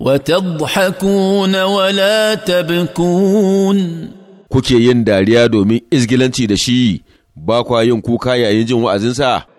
وتضحكون ولا تبكون kuke yin dariya domin izgilanci da shi ba kwa yin kuka yayin jin wa'azinsa